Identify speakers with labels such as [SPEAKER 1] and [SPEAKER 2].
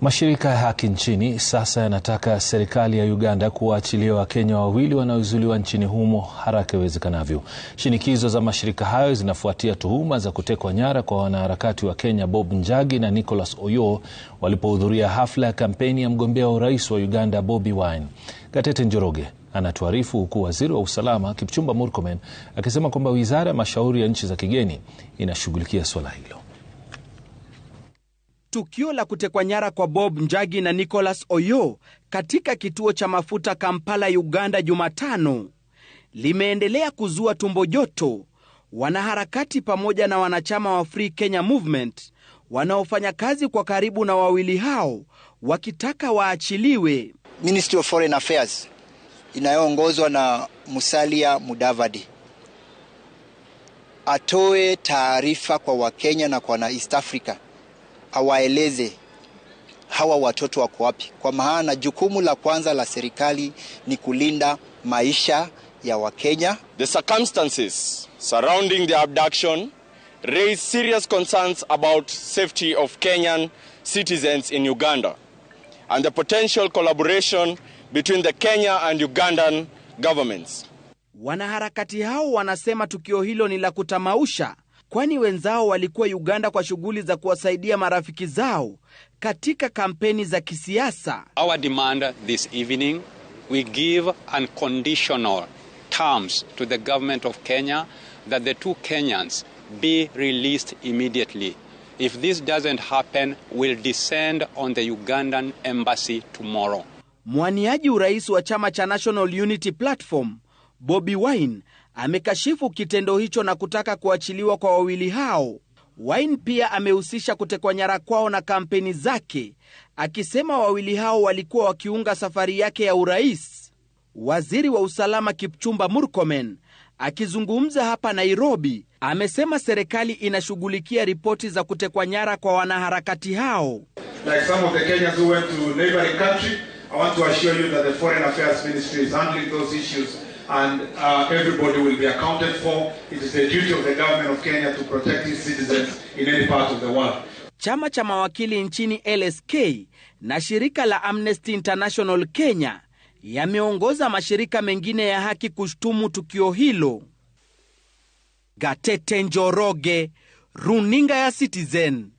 [SPEAKER 1] Mashirika ya haki nchini sasa yanataka serikali ya Uganda kuwaachilia Wakenya wawili wanaozuiliwa nchini humo haraka iwezekanavyo. Shinikizo za mashirika hayo zinafuatia tuhuma za kutekwa nyara kwa wanaharakati wa Kenya Bob Njagi na Nicholas Oyoo walipohudhuria hafla ya kampeni ya mgombea wa urais wa Uganda Bobi Wine. Gatete Njoroge anatuarifu huku waziri wa usalama Kipchumba Murkomen akisema kwamba wizara ya mashauri ya nchi za kigeni inashughulikia suala hilo.
[SPEAKER 2] Tukio la kutekwa nyara kwa Bob Njagi na Nicholas Oyo katika kituo cha mafuta Kampala, Uganda, Jumatano limeendelea kuzua tumbo joto, wanaharakati pamoja na wanachama wa Free Kenya Movement wanaofanya kazi kwa karibu na wawili hao wakitaka waachiliwe.
[SPEAKER 3] Ministry of Foreign Affairs inayoongozwa na Musalia Mudavadi atoe taarifa kwa Wakenya na kwa na East Africa awaeleze hawa watoto wako wapi, kwa maana jukumu la kwanza la serikali ni kulinda maisha ya Wakenya.
[SPEAKER 4] The circumstances surrounding the abduction raise serious concerns about safety of Kenyan citizens in Uganda and the potential collaboration between the Kenya and Ugandan governments.
[SPEAKER 2] Wanaharakati hao wanasema tukio hilo ni la kutamausha kwani wenzao walikuwa Uganda kwa shughuli za kuwasaidia marafiki zao katika kampeni za kisiasa.
[SPEAKER 4] Our demand this evening we give unconditional terms to the government of Kenya that the two Kenyans be released immediately. If this doesn't happen, we'll descend on the Ugandan embassy tomorrow.
[SPEAKER 2] Mwaniaji urais wa chama cha National Unity Platform, Bobi Wine amekashifu kitendo hicho na kutaka kuachiliwa kwa wawili hao. Wine pia amehusisha kutekwa nyara kwao na kampeni zake, akisema wawili hao walikuwa wakiunga safari yake ya urais. Waziri wa usalama Kipchumba Murkomen akizungumza hapa Nairobi amesema serikali inashughulikia ripoti za kutekwa nyara kwa wanaharakati hao.
[SPEAKER 5] Like and uh, everybody will be accounted for. It is the duty of the government of Kenya to protect its citizens in any part of the world.
[SPEAKER 2] Chama cha mawakili nchini LSK na shirika la Amnesty International Kenya yameongoza mashirika mengine ya haki kushtumu tukio hilo. Gatete Njoroge, Runinga ya Citizen.